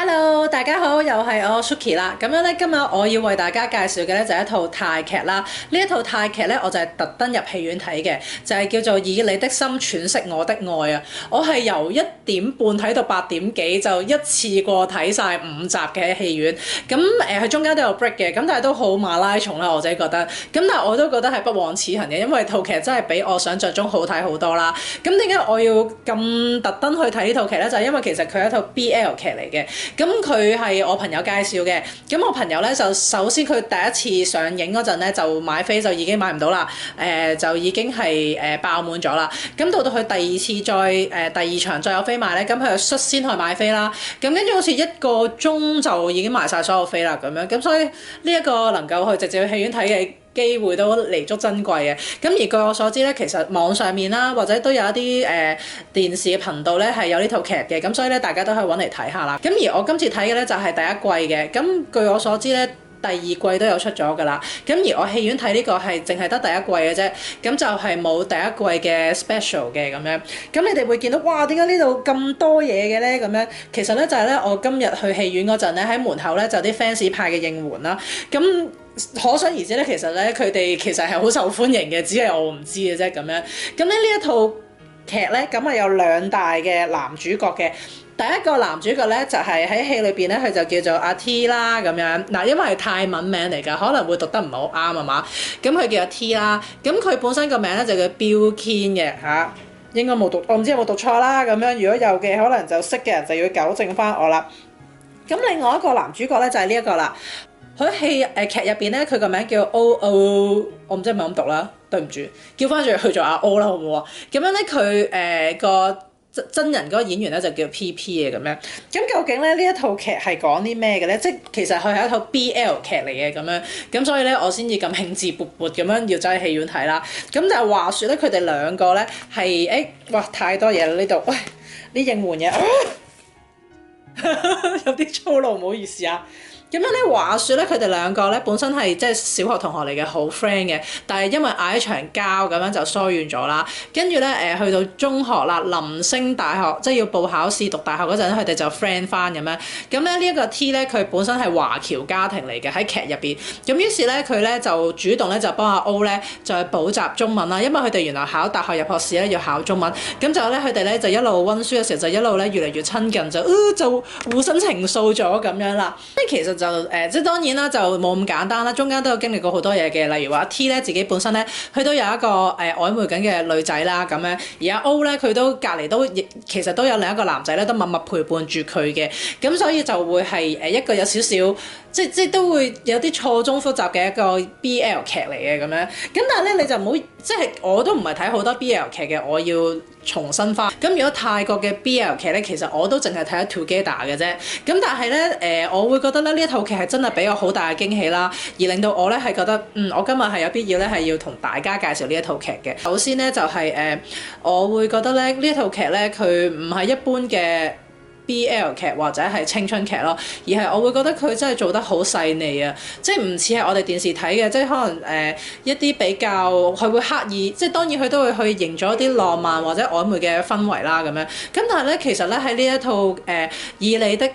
Hello，大家好，又係我 Suki 啦。咁樣咧，今日我要為大家介紹嘅咧就係、是、一套泰劇啦。呢一套泰劇咧，我就係特登入戲院睇嘅，就係、是、叫做《以你的心詮釋我的愛》啊。我係由一點半睇到八點幾，就一次過睇晒五集嘅戲院。咁誒，佢、呃、中間都有 break 嘅，咁但係都好馬拉松啦，我自己覺得。咁但係我都覺得係不枉此行嘅，因為套劇真係比我想象中好睇好多啦。咁點解我要咁特登去睇呢套劇咧？就係、因為其實佢係一套 BL 劇嚟嘅。咁佢係我朋友介紹嘅，咁我朋友咧就首先佢第一次上映嗰陣咧就買飛就已經買唔到啦，誒、呃、就已經係誒、呃、爆滿咗啦。咁到到佢第二次再誒、呃、第二場再有飛買咧，咁佢就率先去買飛啦。咁跟住好似一個鐘就已經賣晒所有飛啦，咁樣咁所以呢一個能夠去直接去戲院睇嘅機會都彌足珍貴嘅，咁而據我所知咧，其實網上面啦，或者都有一啲誒、呃、電視頻道咧係有呢套劇嘅，咁所以咧大家都可以揾嚟睇下啦。咁而我今次睇嘅咧就係第一季嘅，咁據我所知咧第二季都有出咗㗎啦。咁而我戲院睇呢個係淨係得第一季嘅啫，咁就係冇第一季嘅 special 嘅咁樣。咁你哋會見到哇，點解呢度咁多嘢嘅咧？咁樣其實咧就係咧，我今日去戲院嗰陣咧喺門口咧就啲 fans 派嘅應援啦，咁。可想而知咧，其實咧佢哋其實係好受歡迎嘅，只係我唔知嘅啫咁樣。咁咧呢一套劇咧，咁啊有兩大嘅男主角嘅。第一個男主角咧就係、是、喺戲裏邊咧，佢就叫做阿 T 啦咁樣。嗱，因為係泰文名嚟㗎，可能會讀得唔係好啱啊嘛。咁佢叫阿 T 啦。咁佢本身個名咧就叫 Billkin 嘅吓、啊，應該冇讀，我唔知有冇讀錯啦。咁樣如果有嘅，可能就識嘅人就要糾正返我啦。咁另外一個男主角咧就係呢一個啦。佢喺戲誒劇入邊咧，佢個名叫 O O，我唔知係咪咁讀啦，對唔住，叫翻住去做阿 O 啦，好唔好？咁樣咧，佢誒個真人嗰個演員咧就叫 P P 嘅咁樣。咁究竟咧呢一套劇係講啲咩嘅咧？即係其實佢係一套 B L 劇嚟嘅咁樣，咁所以咧我先至咁興致勃勃咁樣要走去戲院睇啦。咁但係話説咧，佢哋兩個咧係誒，哇太多嘢啦呢度，喂呢應援嘢，啊、 有啲粗魯，唔好意思啊。咁樣咧，話説咧，佢哋兩個咧本身係即係小學同學嚟嘅好 friend 嘅，但係因為嗌一場交咁樣就疏遠咗啦。跟住咧，誒去到中學啦，臨升大學即係要報考試讀大學嗰陣，佢哋就 friend 翻咁樣。咁咧呢一個 T 咧，佢本身係華僑家庭嚟嘅喺劇入邊。咁於是咧，佢咧就主動咧就幫阿 O 咧就係補習中文啦，因為佢哋原來考大學入學試咧要考中文。咁就咧佢哋咧就一路温書嘅時候就一路咧越嚟越親近，就誒、呃、就互生情愫咗咁樣啦。即係其實。就誒、呃，即係當然啦，就冇咁簡單啦，中間都有經歷過好多嘢嘅，例如話 T 咧自己本身咧，佢都有一個誒、呃、曖昧緊嘅女仔啦，咁樣而阿 O 咧佢都隔籬都亦其實都有另一個男仔咧，都默默陪伴住佢嘅，咁所以就會係誒一個有少少。即係都會有啲錯綜複雜嘅一個 BL 劇嚟嘅咁樣，咁但係咧你就唔好，即係我都唔係睇好多 BL 劇嘅，我要重新翻。咁如果泰國嘅 BL 劇咧，其實我都淨係睇《Together》嘅啫。咁但係咧，誒，我會覺得咧呢一套劇係真係俾我好大嘅驚喜啦，而令到我咧係覺得，嗯，我今日係有必要咧係要同大家介紹呢一套劇嘅。首先咧就係誒，我會覺得咧呢一套劇咧佢唔係一般嘅。BL 劇或者係青春劇咯，而係我會覺得佢真係做得好細膩啊！即係唔似係我哋電視睇嘅，即係可能誒、呃、一啲比較佢會刻意，即係當然佢都會去營造啲浪漫或者曖昧嘅氛圍啦咁樣。咁但係咧，其實咧喺呢一套誒、呃《以你的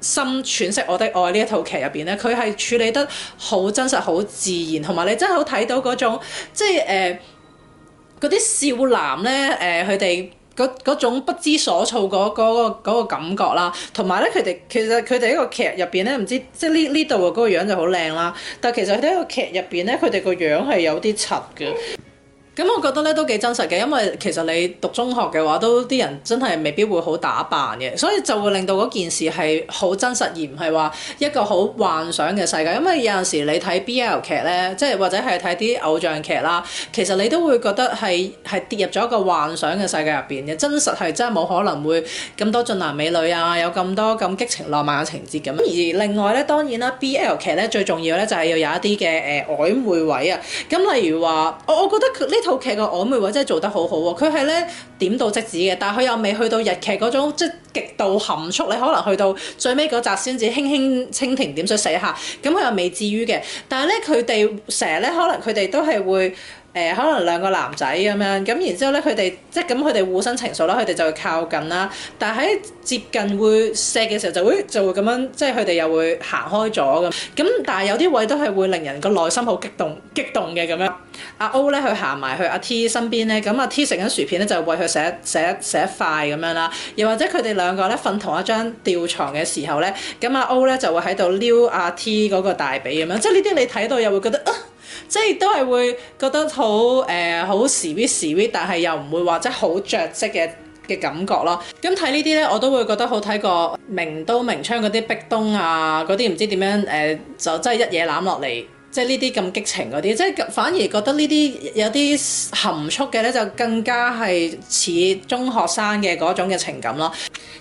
心詮釋我的愛》呢一套劇入邊咧，佢係處理得好真實、好自然，同埋你真係好睇到嗰種即係誒嗰啲少男咧誒佢哋。呃嗰種不知所措嗰嗰、嗰個嗰個感覺啦，同埋咧佢哋其實佢哋喺個劇入邊咧，唔知即係呢呢度嘅嗰個樣就好靚啦，但係其實佢哋喺一個劇入邊咧，佢哋個樣係有啲柒嘅。咁我覺得咧都幾真實嘅，因為其實你讀中學嘅話，都啲人真係未必會好打扮嘅，所以就會令到嗰件事係好真實，而唔係話一個好幻想嘅世界。因為有陣時你睇 BL 劇咧，即係或者係睇啲偶像劇啦，其實你都會覺得係係跌入咗一個幻想嘅世界入邊嘅。真實係真係冇可能會咁多俊男美女啊，有咁多咁激情浪漫嘅情節咁。而另外咧，當然啦，BL 劇咧最重要咧就係要有一啲嘅誒曖昧位啊。咁例如話，我我覺得佢呢？呢套劇嘅曖昧或者係做得好好喎，佢係咧點到即止嘅，但係佢又未去到日劇嗰種即係極度含蓄，你可能去到最尾嗰集先至輕輕蜻蜓點水洗下，咁佢又未至於嘅，但係咧佢哋成日咧可能佢哋都係會。誒、呃、可能兩個男仔咁樣，咁然之後咧，佢哋即係咁，佢哋互生情愫啦，佢哋就會靠近啦。但係喺接近會錫嘅時候就，就會就會咁樣，即係佢哋又會行開咗咁。咁但係有啲位都係會令人個內心好激動，激動嘅咁樣。阿 O 咧佢行埋去阿 T 身邊咧，咁阿 T 食緊薯片咧就為佢食一食一食一,一塊咁樣啦。又或者佢哋兩個咧瞓同一張吊床嘅時候咧，咁阿 O 咧就會喺度撩阿 T 嗰個大髀咁樣，即係呢啲你睇到又會覺得、呃即係都係會覺得好誒好 sweet sweet，但係又唔會話即係好着跡嘅嘅感覺咯。咁睇呢啲呢，我都會覺得好睇過明刀明槍嗰啲壁咚啊，嗰啲唔知點樣誒、呃，就真係一嘢攬落嚟。即係呢啲咁激情嗰啲，即係反而覺得呢啲有啲含蓄嘅咧，就更加係似中學生嘅嗰種嘅情感咯。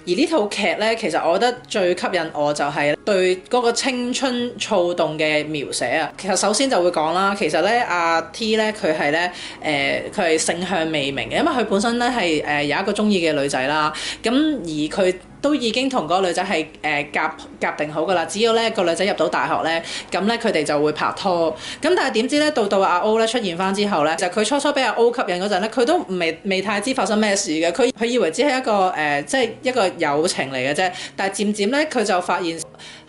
而呢套劇呢，其實我覺得最吸引我就係對嗰個青春躁動嘅描寫啊。其實首先就會講啦，其實呢阿 T 呢，佢係呢，誒佢係性向未明嘅，因為佢本身呢係誒有一個中意嘅女仔啦。咁、啊、而佢。都已經同嗰個女仔係誒夾夾定好噶啦，只要咧個女仔入到大學咧，咁咧佢哋就會拍拖。咁但係點知咧，到到阿 O 咧出現翻之後咧，就佢初初俾阿 O 吸引嗰陣咧，佢都未未太知發生咩事嘅，佢佢以為只係一個誒、呃，即係一個友情嚟嘅啫。但係漸漸咧，佢就發現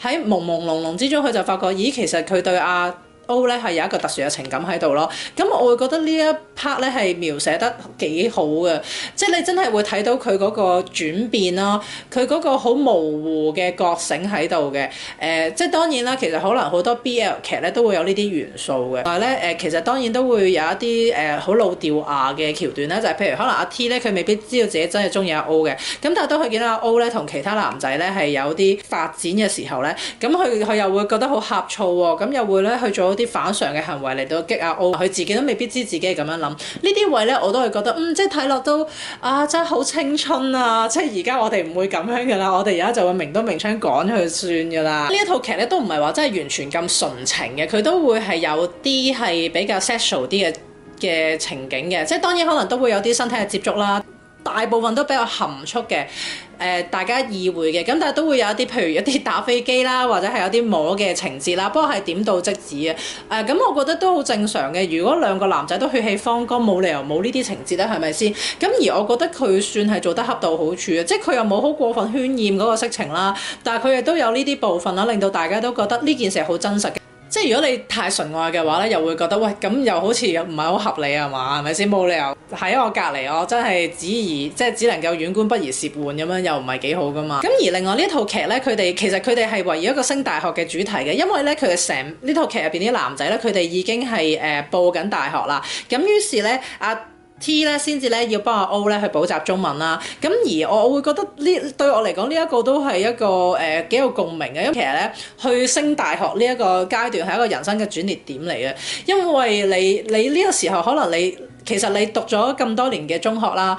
喺朦朦朧朧之中，佢就發覺，咦，其實佢對阿、啊 O 咧係有一個特殊嘅情感喺度咯，咁我會覺得一呢一 part 咧係描寫得幾好嘅，即係你真係會睇到佢嗰個轉變啦，佢嗰個好模糊嘅覺醒喺度嘅，誒、呃，即係當然啦，其實可能好多 BL 劇咧都會有呢啲元素嘅，同埋咧誒，其實當然都會有一啲誒好老掉牙嘅橋段咧，就係、是、譬如可能阿 T 咧佢未必知道自己真係中意阿 O 嘅，咁但係當佢見到阿 O 咧同其他男仔咧係有啲發展嘅時候咧，咁佢佢又會覺得好呷醋喎，咁又會咧去做啲反常嘅行為嚟到激阿奧，佢、哦、自己都未必知自己係咁樣諗。呢啲位呢，我都係覺得，嗯，即係睇落都啊，真係好青春啊！即係而家我哋唔會咁樣嘅啦，我哋而家就會明刀明槍趕咗佢算嘅啦。呢一套劇呢，都唔係話真係完全咁純情嘅，佢都會係有啲係比較 sexual 啲嘅嘅情景嘅，即係當然可能都會有啲身體嘅接觸啦，大部分都比較含蓄嘅。誒、呃，大家意會嘅咁，但係都會有一啲，譬如一啲打飛機啦，或者係有啲摸嘅情節啦，不過係點到即止啊。誒、呃，咁我覺得都好正常嘅。如果兩個男仔都血氣方剛，冇理由冇呢啲情節呢，係咪先？咁而我覺得佢算係做得恰到好處嘅，即係佢又冇好過分渲染嗰個色情啦，但係佢亦都有呢啲部分啦，令到大家都覺得呢件事係好真實嘅。即係如果你太純愛嘅話咧，又會覺得喂，咁又好似唔係好合理啊嘛，係咪先？冇理由喺我隔離，我真係只宜即係只能夠遠觀，不宜褻玩咁樣，又唔係幾好㗎嘛。咁、嗯、而另外呢套劇咧，佢哋其實佢哋係圍繞一個升大學嘅主題嘅，因為咧佢哋成呢套劇入邊啲男仔咧，佢哋已經係誒、呃、報緊大學啦。咁於是咧阿。啊 T 咧先至咧要幫阿 O 咧去補習中文啦，咁而我會覺得呢對我嚟講呢、這個、一個都係一個誒幾有共鳴嘅，因為其實咧去升大學呢一個階段係一個人生嘅轉捩點嚟嘅，因為你你呢個時候可能你其實你讀咗咁多年嘅中學啦。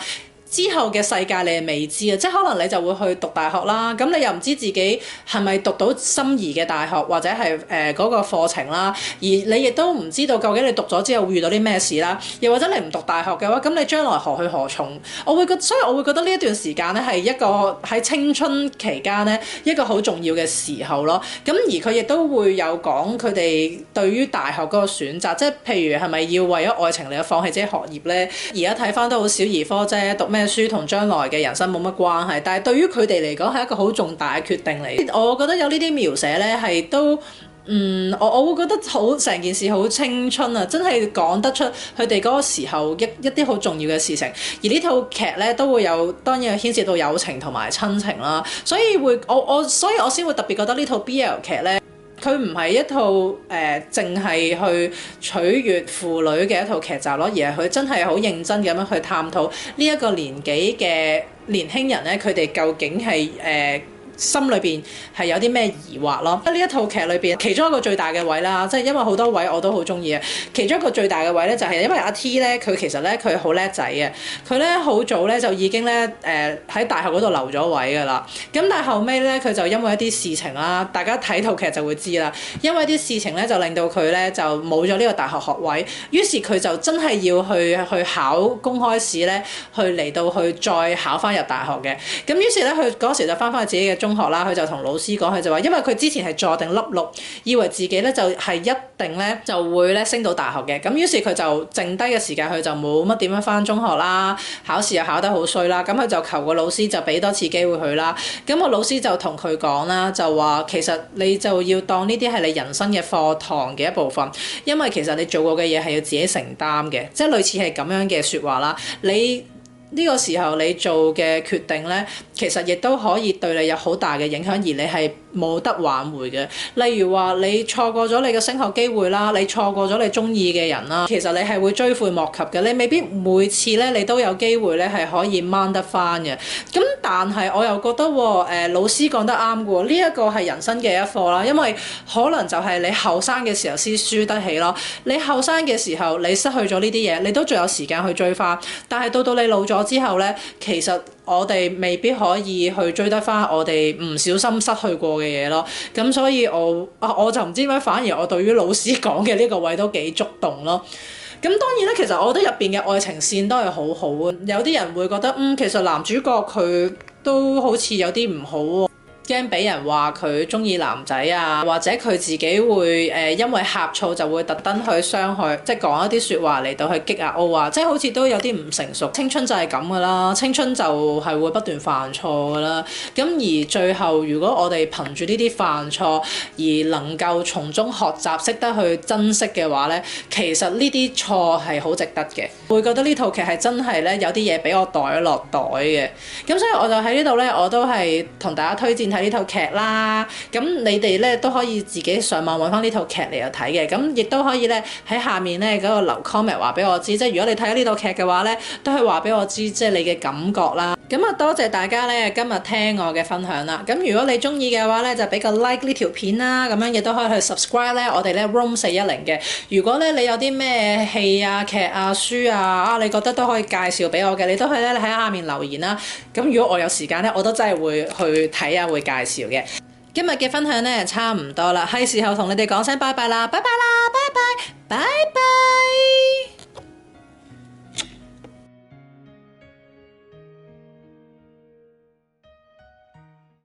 之後嘅世界你係未知啊，即係可能你就會去讀大學啦，咁你又唔知自己係咪讀到心儀嘅大學或者係誒嗰個課程啦，而你亦都唔知道究竟你讀咗之後會遇到啲咩事啦，又或者你唔讀大學嘅話，咁你將來何去何從？我會覺，所以我會覺得呢一段時間咧係一個喺青春期間咧一個好重要嘅時候咯。咁而佢亦都會有講佢哋對於大學嗰個選擇，即係譬如係咪要為咗愛情嚟放棄自己學業咧？而家睇返都好小兒科啫，讀咩？書同將來嘅人生冇乜關係，但係對於佢哋嚟講係一個好重大嘅決定嚟。我覺得有呢啲描寫呢，係都嗯，我我會覺得好成件事好青春啊，真係講得出佢哋嗰個時候一一啲好重要嘅事情。而呢套劇呢，都會有，當然牽涉到友情同埋親情啦，所以會我我所以我先會特別覺得呢套 BL 劇呢。佢唔係一套誒，淨係去取悅婦女嘅一套劇集咯，而係佢真係好認真咁樣去探討呢一個年紀嘅年輕人咧，佢哋究竟係誒。呃心裏邊係有啲咩疑惑咯？呢一套劇裏邊，其中一個最大嘅位啦，即係因為好多位我都好中意啊。其中一個最大嘅位咧，位位就係因為阿 T 咧，佢其實咧佢好叻仔嘅，佢咧好早咧就已經咧誒喺大學嗰度留咗位噶啦。咁但係後尾咧，佢就因為一啲事情啦，大家睇套劇就會知啦。因為啲事情咧，就令到佢咧就冇咗呢個大學學位，於是佢就真係要去去考公開試咧，去嚟到去再考翻入大學嘅。咁於是咧，佢嗰時就翻返去自己嘅中。中學啦，佢就同老師講，佢就話，因為佢之前係坐定粒六，以為自己咧就係一定咧就會咧升到大學嘅，咁於是佢就剩低嘅時間，佢就冇乜點樣翻中學啦，考試又考得好衰啦，咁佢就求個老師就俾多次機會佢啦，咁個老師就同佢講啦，就話其實你就要當呢啲係你人生嘅課堂嘅一部分，因為其實你做過嘅嘢係要自己承擔嘅，即係類似係咁樣嘅說話啦。你呢個時候你做嘅決定咧，其實亦都可以對你有好大嘅影響，而你係冇得挽回嘅。例如話，你錯過咗你嘅升學機會啦，你錯過咗你中意嘅人啦，其實你係會追悔莫及嘅。你未必每次咧，你都有機會咧係可以掹得翻嘅。咁但係我又覺得，誒、呃、老師講得啱嘅喎，呢、這、一個係人生嘅一課啦。因為可能就係你後生嘅時候先輸得起咯。你後生嘅時候，你失去咗呢啲嘢，你都仲有時間去追翻。但係到到你老咗之後咧，其實。我哋未必可以去追得翻我哋唔小心失去過嘅嘢咯，咁所以我啊，我就唔知點解反而我對於老師講嘅呢個位都幾觸動咯。咁當然咧，其實我覺得入邊嘅愛情線都係好好啊。有啲人會覺得嗯，其實男主角佢都好似有啲唔好，啊。驚俾人話佢中意男仔啊，或者佢自己會誒、呃，因為呷醋就會特登去傷害，即係講一啲説話嚟到去激啊！我啊，即係好似都有啲唔成熟，青春就係咁噶啦，青春就係會不斷犯錯噶啦。咁而最後，如果我哋憑住呢啲犯錯而能夠從中學習，識得去珍惜嘅話呢，其實呢啲錯係好值得嘅。會覺得呢套劇係真係呢，有啲嘢俾我袋咗落袋嘅。咁所以我就喺呢度呢，我都係同大家推薦。睇呢套劇啦，咁你哋咧都可以自己上網揾翻呢套劇嚟又睇嘅，咁亦都可以咧喺下面咧個留 comment 話俾我知，即係如果你睇咗呢套劇嘅話咧，都係話俾我知，即係你嘅感覺啦。咁啊，多謝大家咧，今日聽我嘅分享啦。咁如果你中意嘅話咧，就畀個 like 呢條片啦。咁樣亦都可以去 subscribe 咧，我哋咧 room 四一零嘅。如果咧你有啲咩戲啊、劇啊、書啊，啊，你覺得都可以介紹俾我嘅，你都可以咧喺下面留言啦。咁如果我有時間咧，我都真係會去睇啊，會介紹嘅。今日嘅分享咧，差唔多啦，係時候同你哋講聲拜拜啦，拜拜啦，拜拜，拜拜。